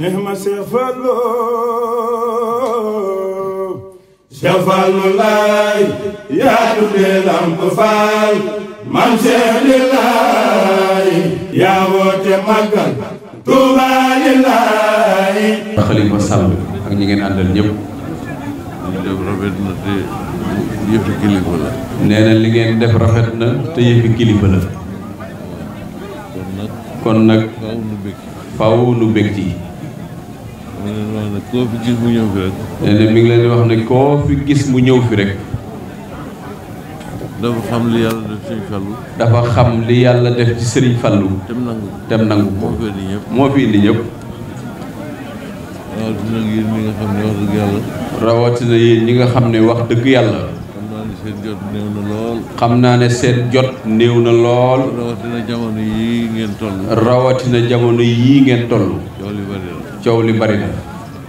neex ma Cheikh Fallou Cheikh Fallou laay yaa tuddee Lamp Fall man Cheikh li laay yaa woote màggal Touba li laay Xalifa Sall ak ñi ngeen àndal ñëpp def rafet na def rafet na te yëfi kilifa la kon nag faw nu bég ci mi ngi koo fi gis mu ñëw fi rek. nee na mi ngi leen di wax ne koo fi gis mu ñëw fi rek. dafa xam li yàlla def ci Serigne Fallou. dafa tem nangu tem nangu ko. moo fi indi ñëpp moo fi indi ñëpp. rawatina yéen ñi nga xam ne wax dëgg yàlla. rawatina yéen ñi xam naa ne seen jot néew na lool. rawatina jamono yii ngeen toll. rawatina jamono yii ngeen toll. coow li bari na.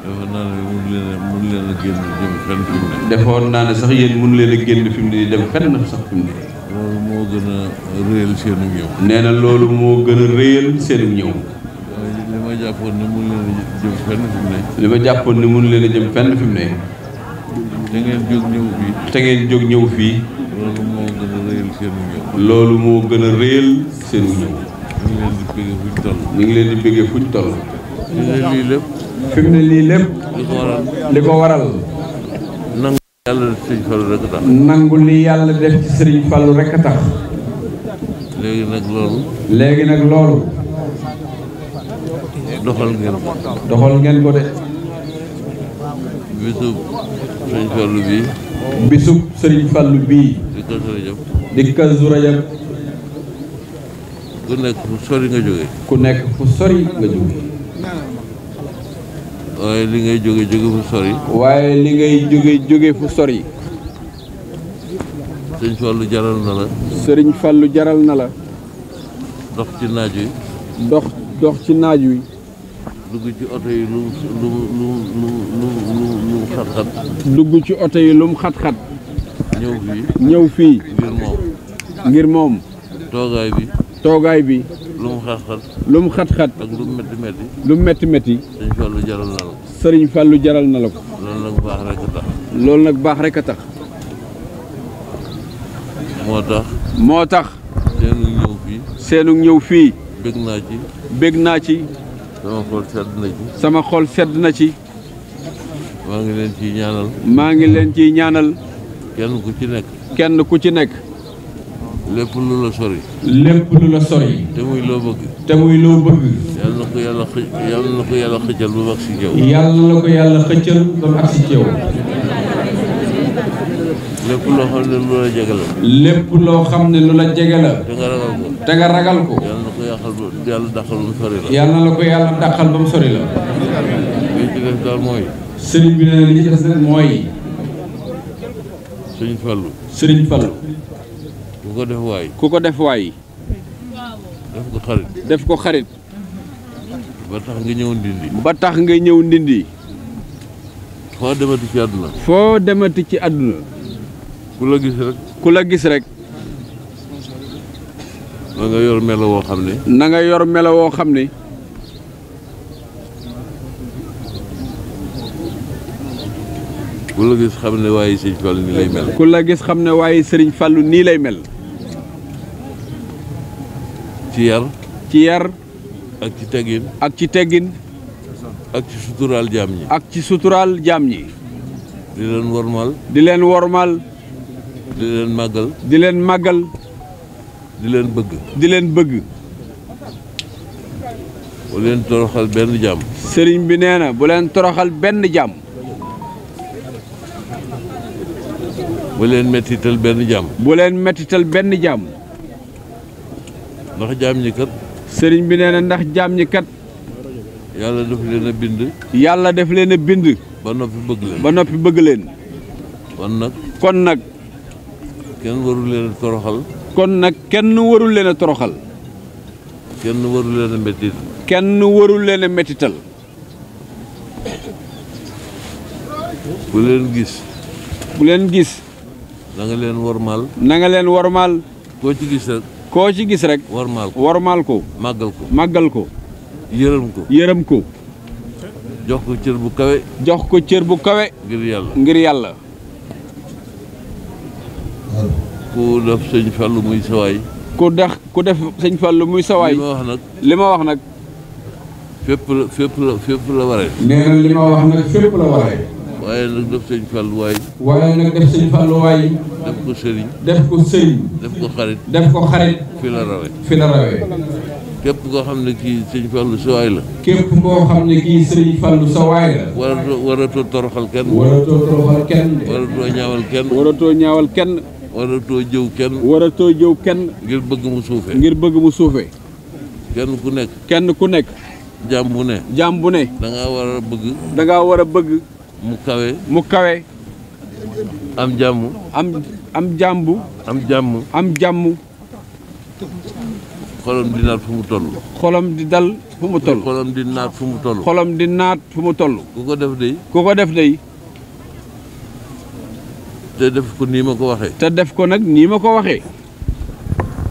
defoon naa ne mënu leen a génn jëm fenn fi mu ne. defoon naa ne sax yéen mënu leen a génn fi mu ne dem fenn sax fi mu ne. loolu moo gën a réyal seenu ñëw. nee na loolu moo gën a réyal seenu ñëw. li ma jàppoon ne mënu leen a jëm fenn fi mu ne. li ma jàppoon ne mënu leen a jëm fenn fi mu ne. te ngeen jóg ñëw fii. te ngeen jóg ñëw fii. loolu moo gën a réyal seenu ñëw. loolu moo gën a réyal seenu ñëw. mi ngi leen di bëggee fuñ toll. mi ngi leen di bëggee fuñ toll. lii lépp. fi mu ne lii lépp. li ko waral li ko waral. li yàlla def ci Sëriñ Fallou rek tax. nangu li yàlla def ci Sëriñ Fallou rek a tax. léegi nag loolu. léegi nag loolu. doxal ngeen ko. doxal ngeen ko de. bisub Sëriñ Fallou bii. bisub Sëriñ Fallou bii. di Kazu Rajab. di Kazu Rajab. ku nekk fu sori nga jógee. ku nekk fu sori nga jógee. waaye li ngay jóge jóge fu sori. waaye li ngay jóge jóge fu sori. sëriñ lu jaral na la. sëriñ lu jaral na la. dox ci naaj wi. dox dox ci naaj wi. dugg ci oto yi lu mu xat-xat. dugg ci oto yi lu mu xat-xat. ñëw fii. ñëw fii. ngir moom. ngir moom. toogaay bi. toogaay bi. lu mu xat-xat. lu mu xat-xat. ak lu mu métti métti. lu mu métti métti. sëriñ Fallou jaral na la ko. sëriñ Fallou jaral na la ko. loolu nag baax rek a tax. loolu nag baax rek a tax. moo tax. moo tax. seenu ñëw fii. seenu ñëw fii. bég naa ci. bég naa sedd na ci. sama xol sedd na ci. maa ngi leen ciy ñaanal. maa ngi leen ciy ñaanal. kenn ku ci nekk. kenn ku ci nekk. lépp lu la sori. lépp lu la sori. te muy loo bëgg. te muy loo bëgg. yàlla na ko yàlla xë yàlla na ko yàlla xëccal ba mu agsi ci yow. yàlla na ko yàlla xëccal ba mu agsi ci yow. lépp loo xam ne lu la jege la. lépp loo xam ne lu la jege la. te nga ragal ko. te nga ragal ko. yàlla na ko yàqal ba yàlla dàqal ba mu sori la. yàlla na la ko yàlla dàqal ba mu sori la. li ci des daal mooy. sëriñ bi nee na li ci des nag mooy. sëriñ Fallou. sëriñ Fallou. ku ko def waay ku ko def waay def ko xarit def ko xarit ba tax nga ñëw ndindi ba tax nga ñëw ndindi foo demati ci àdduna foo demati ci àdduna ku gis rek ku gis rek na nga yor melo woo xam na nga yor melo woo xam ne ku la gis xam ne waaye Fallu nii lay mel ku la gis xam ne waaye Fallu nii lay mel ci yar ci yar ak ci teggin ak ci teggin ak ci suturaal jaam ñi ak ci suturaal jaam ñi di leen wormal di leen wormal di leen màggal di leen màggal leen bëgg di leen bu leen toroxal benn jàmm sëriñ bi neena bu leen toroxal benn jàmm bu leen mettital benn jàmm bu leen mettital benn jàmm ndax jaam ñi kat. sëriñ bi nee ndax jaam ñi kat. yàlla def leen bind. yàlla def leen a bind. ba noppi bëgg leen. ba noppi bëgg leen. kon nag. kon nag. kenn warul leen toroxal. kon nag kenn warul leen a toroxal. kenn warul leen a mettital. kenn warul leen a mettital. bu leen gis. bu leen gis. na leen wormaal. na nga leen wormaal. koo ci gis ko ci gis rek. warmal ko warmal ko. magal ko magal ko. yeeram ko yeeram ko. jox ko cieur bu kawé jox ko cieur bu kawé ngir yalla ngir yalla ko def señ fallu muy saway ko def ko def señ fallu muy saway lima wax nak lima wax nak fépp la fépp la fépp la waree. nee na wax nak fépp la waré waye nak def señ fallu waay. waye nak def señ fallu waay. def ko sëriñ. koo xam ne kii sëñ Fallou sa waay la. képp koo xam ne kenn. jëw kenn. waratoo jëw kenn. suufee. ngir kenn ku nekk. kenn ku jaam bu ne. jaam bu ne. da war a bëgg. da war a bëgg. mu kawe. mu kawe. am jamu am am jambu am jamu am jamu xolam di naat fu mu xolam di dal fu mu xolam di naat fu mu xolam di naat fu mu toll def day ku def day te def ko ni ma waxe te def ko nak ni ma waxe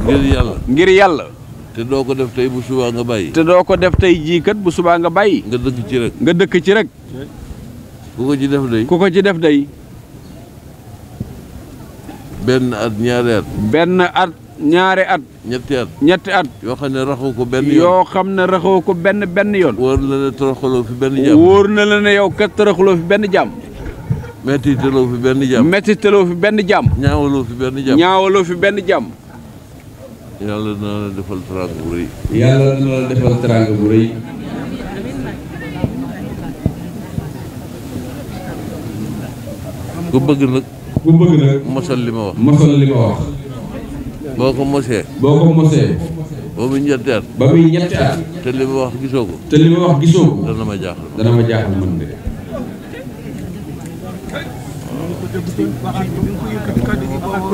ngir yalla ngir yalla te ko def tey bu subaa nga bàyyi te ko def tey jii kat bu subaa nga bàyyi nga dëkk ci rek nga ci rek ci def day ku ci def day benn at ñaari at. benn at ñaari at. ñetti at ñetti at. yoo xam ne raxoo ko benn yoon yoo xam ne raxoo ko benn benn yoon. wóor ne toroxaloo fi benn jàmm. wóor na la ne yow kat toroxaloo fi benn jàmm. metti teloo fi benn jàmm metti teloo fi benn jàmm. yàlla na defal teraanga bu rëy. yàlla na defal teraanga bu rëy. ku bëgg nag. mosal li ma wax mosal li ma wax. boo ko mosee. boo ko mosee. ba muy ñetti ba muy ñetti te li ma wax gisoo ko. te li ma wax gisoo dana ma jaaxal dana ma de.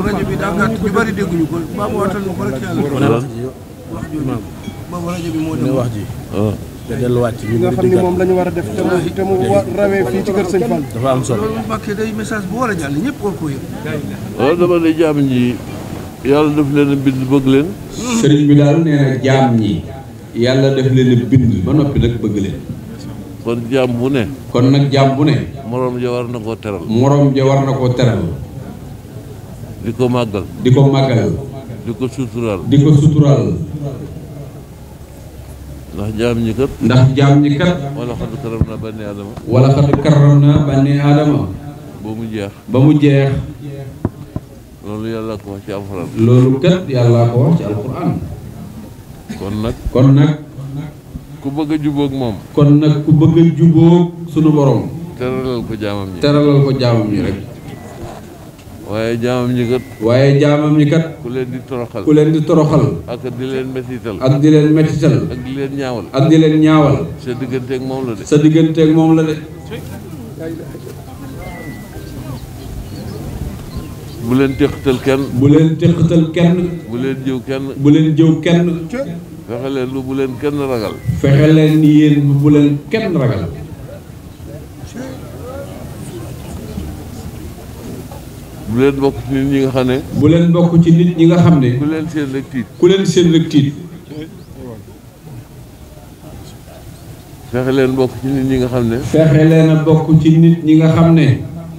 rajo bi wax ji baamu te delluwaat ci ñi nga xam ne moom day ndax jaam ñi kat. ndax jaam ñi kat. wala xadu karam naa bànni aadama. wala xadu karam ba mu jeex. ba mu jeex. loolu yàlla ko wax ci alxuraan. loolu kat yàlla ko wax ci alxuraan. kon nag. kon nag. ku bëgg a jubóog moom. kon nag ku bëgg a sunu borom. teralal ko jaamam ñi. teralal ko jaamam ñi rek. waaye jaamam ñi kat. waaye jaamam ñi kat. ku leen di toroxal ku leen di toroxal. ak di leen métital. ak di leen métital. ak di leen ñaawal. ak di leen ñaawal. sa digganteeg moom la de. sa digganteeg moom la de. bu leen teqatal kenn. bu leen teqatal kenn. bu leen jëw kenn. bu leen jëw kenn. fexe leen lu bu leen kenn ragal. fexe leen yéen bu leen kenn ragal. bu leen bokk ci nit ñi nga xam ne. bu leen bokk ci nit ñi nga xam ne. ku leen seen rek tiit. ku leen seen rek tiit. fexe leen bokk ci nit ñi nga xam ne. fexe leen a bokk ci nit ñi nga xam ne.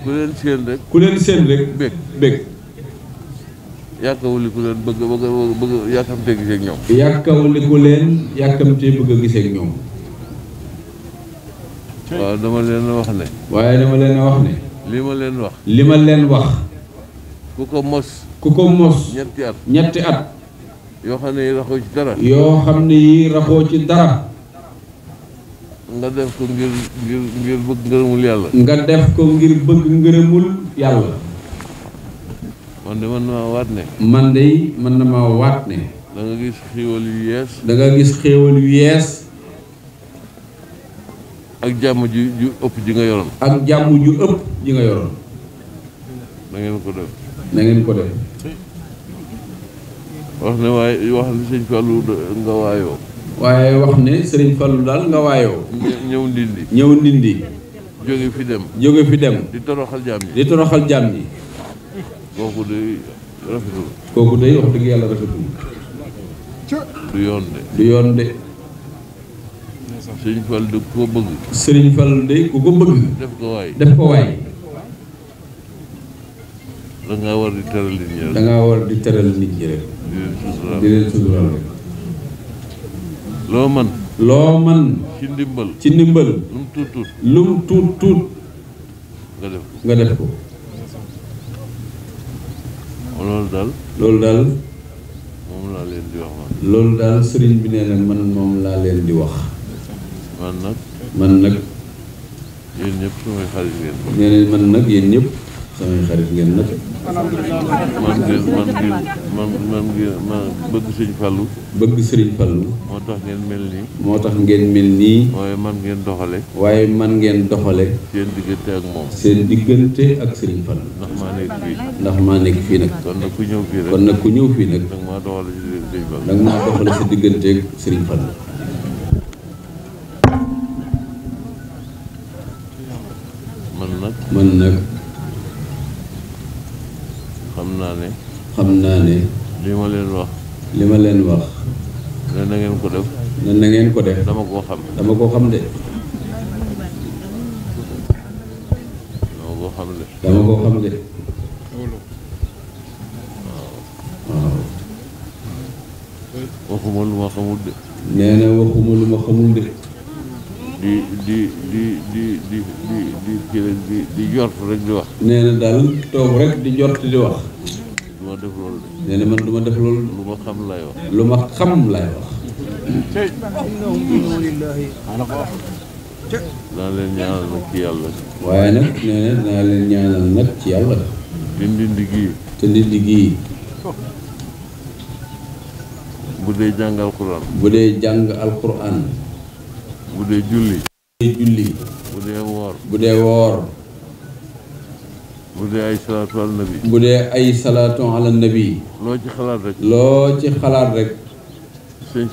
ku leen seen rek. ku leen seen rek. bég bég. yàkkawuli ku leen bëgg bëgg bëgg yàkkamtee gisee ak ñoom. yàkkawuli ku leen yàkkamtee bëgg a gisee ak ñoom. waaw dama leen a wax ne. waaye dama leen wax ne. li ma leen wax. li ma leen wax. ku ko mos ku ko mos ñetti at ñetti at yoo xam ne yi raxoo ci dara yoo xam ne yi raxoo ci dara nga def ko ngir ngir ngir bëgg ngërëmul yàlla nga def ko ngir bëgg ngërëmul yàlla man de man na maa ne man de man na maa waat ne da nga gis xéewal yu yees da nga gis xéewal yu yees ak jàmm ju ju ëpp ji nga yoroon ak jàmm ju ëpp ji nga yoroon da ngeen ko def na ko def wax ne waaye wax ne sëñ Fallou nga sëriñ Fallou daal nga waayoo ñëw ndindi ñëw ndindi jóge fi dem jóge fi dem di toroxal jaam yi di toroxal jaam yi kooku day rafetul kooku day wax dëgg yàlla rafetul du yoon de du yoon de sëriñ Fallou de ko bëgg sëriñ Fallou de ku ko bëgg def ko waay def ko waay da ngaa war di tëral nit ñi rek. da ngaa war di tëral nit ñi rek. loolu daal. loolu daal. moom bi nee na man moom laa leen di wax. man nag. man nag. yéen ñëpp nag yéen ñëpp. samay xarit ngeen nag bëgg sëriñ Fallou bëgg mel nii moo tax ngeen mel nii waaye man ngeen doxale waaye man ngeen doxale seen diggante seen diggante ak sëriñ Fallou ndax maa ndax maa fii nag kon ku ñëw ku ñëw fii nag doxale si diggante ak sëriñ Fallou man nag man nag xam naa ne. xam naa ne. li ma leen wax. li ma leen wax. ne na ngeen ko def. ne na ngeen ko def. dama koo xam. dama xam de. dama koo xam de. dama koo waxuma lu ma xamul de. nee na waxuma lu ma xamul de. di di di di di di di di jort rek di wax. nee na daal toog rek di jort di wax. duma def loolu de man def lu xam lay wax lu xam lay wax naa leen ñaanal nag ci yàlla waaye nag nee na naa ñaanal nag ci yàlla te ndindi alquran alquran julli julli bu dee ay salaatu ala nabi. bu dee ay salaatu ala loo ci xalaat rek. loo ci xalaat rek. sëriñ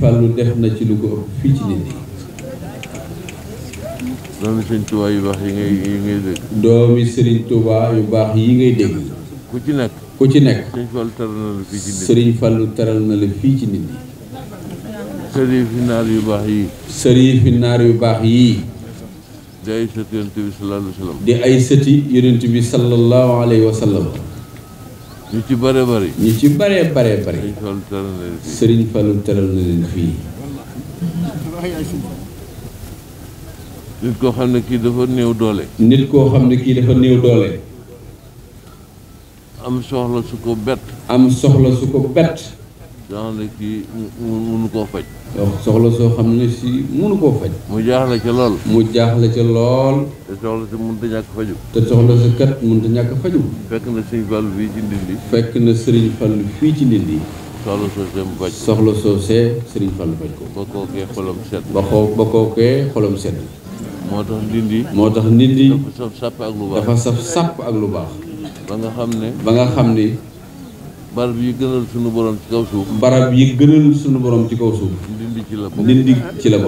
Fallou lu sëriñ Fallou def na ci lu ko fii ci nit ñi. doomi sëriñ Touba baax yi doomi sëriñ Touba yu baax yi ngay dégg. ku ci nekk. ku ci nekk. sëriñ Fallou teral na la fii ci nit ñi. sëriñ Fallou teral na la fii ci nit ñi. yu baax yu baax yii. di ay ay sëti yonent bi sallallahu alayhi wa ñu ci bare bare. ci bare bare bare. Serigne Fallou teral na leen fii. nit koo xam ne kii dafa néew doole. nit koo xam ne kii dafa néew doole. am soxla su ko bett. am soxla su ko bett. soxla ne kii soxla soo xam ne si munu koo faj. mu jaaxle ca mu jaaxle ca lool. te soxla si mënut a te soxla si kat mënut ñàkk faju. fekk na Serigne Fall fii ci fekk na Serigne Fall fii ci Ndindi. soxla soosee mu faj. soxla soosee Serigne Fall faj ko. ba kookee xolam set. koo ba kookee xolam moo tax Ndindi. moo tax Ndindi. dafa saf sàpp ak lu sàpp ak lu baax. ba nga xam ne. ba nga xam ne. barab yi gënal suñu borom ci kaw suuf. barab yi gënal suñu borom ci kaw suuf. ndindi ci la bokk ndindi ci la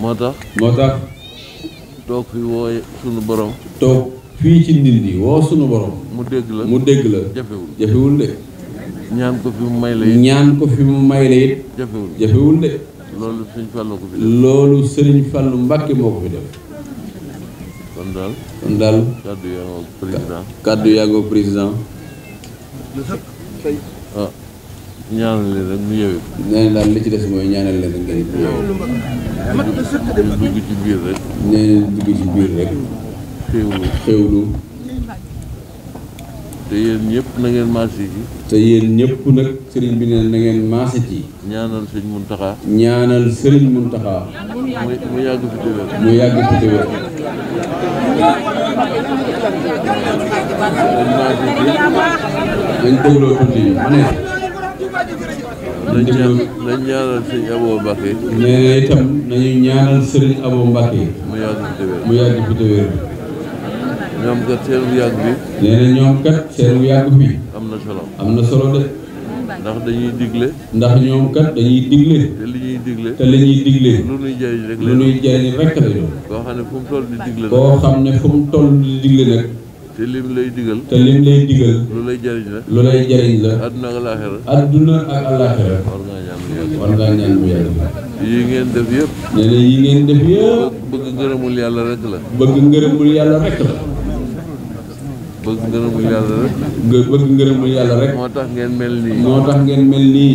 moo tax. moo tax. toog fi wooye suñu borom. toog fii ci ndindi woo suñu borom. mu dégg la mu dégg la. jafewul jafewul de. ñaan ko fi mu may la it. ñaan ko fi mu may la jafewul jafewul de. loolu sëriñ Fallou ko fi def. loolu sëñ Fallou Mbacke moo ko fi def. kon daal. kon kaddu yaa ngoog président. waaw ah, la leen daal li ci des mooy ñaanal leen rek ngeen mu ci biir rek. nee na dugg ci biir rek. xéwlu xéwlu. te yéen ñëpp na ngeen maase ci. te yéen ñëpp nag sëriñ bi ne na ngeen maase ci. ñaanal sëriñ Muntaxa. ñaanal sëriñ Muntaxa. mu yàgg fi wér. mu yàgg fi te wér. dañ dégloo tuuti yi ma ne. nañ ñaanal sëriñ Abo Mbacke. mu yàgg fi wér. mu yàgg fi te wér. ñoom kat seenu yàgg bi. nee na ñoom kat seenu yàgg bi. am na solo am na solo de. ndax dañuy digle. ndax ñoom kat dañuy digle. te li ñuy digle. te li ñuy digle. lu nuy jëriñ rek la lu nuy rek la ñu. ne fu mu toll di digle nag. koo xam ne fu mu di digle nag. te lim lay digal. te lim lay digal. lu lay jëriñ la. lu la. adduna ak alaaxira. adduna ak alaaxira. war ngaa ñaan mu yàlla. war ngaa ñaan mu yàlla. yi ngeen def yëpp. nee yi ngeen def yëpp. bëgg ngërëmul yàlla rek la. bëgg ngërëmul yàlla rek la. bëgg ngërëmul yàlla rek. nga yàlla rek. moo tax ngeen mel nii. moo tax ngeen mel nii.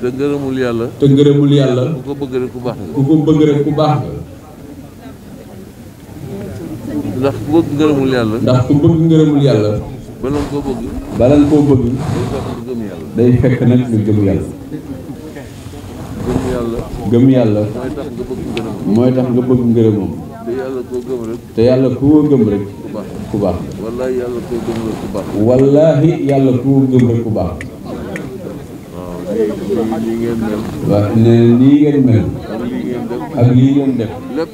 te ngërëmul yàlla. te ngërëmul yàlla. ku ko bëgg rek ku baax la. ku ko bëgg rek ku baax la. ndax ku bëgg ngërëmul yàlla. ndax koo bëgg. day fekk nag nga gëm yàlla. gëm yàlla. mooy tax nga bëgg ngërëmam. te yàlla koo gëm rek. te yàlla koo gëm rek. ku baax ku baax. wallaahi yàlla koo gëm rek ku baax. wallaahi yàlla koo gëm rek ku baax. waaw nii nii ngeen mel. waaw nee nii ngeen mel. ak lii ngeen def ak lii ngeen def. lépp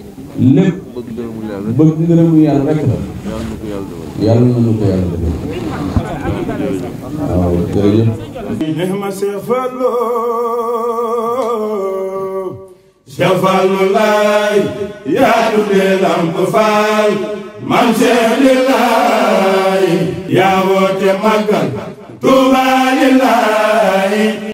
lépp. bëgg ngërëmu yàlla bëgg ngërëmu yàlla rek la. yàlla na nu ko yàlla defal. waaw jërëjëf. Cheikh Fall nu laay yaa tuddee Lamp Fall man li laay yaa woote màggal Tuubaa li laay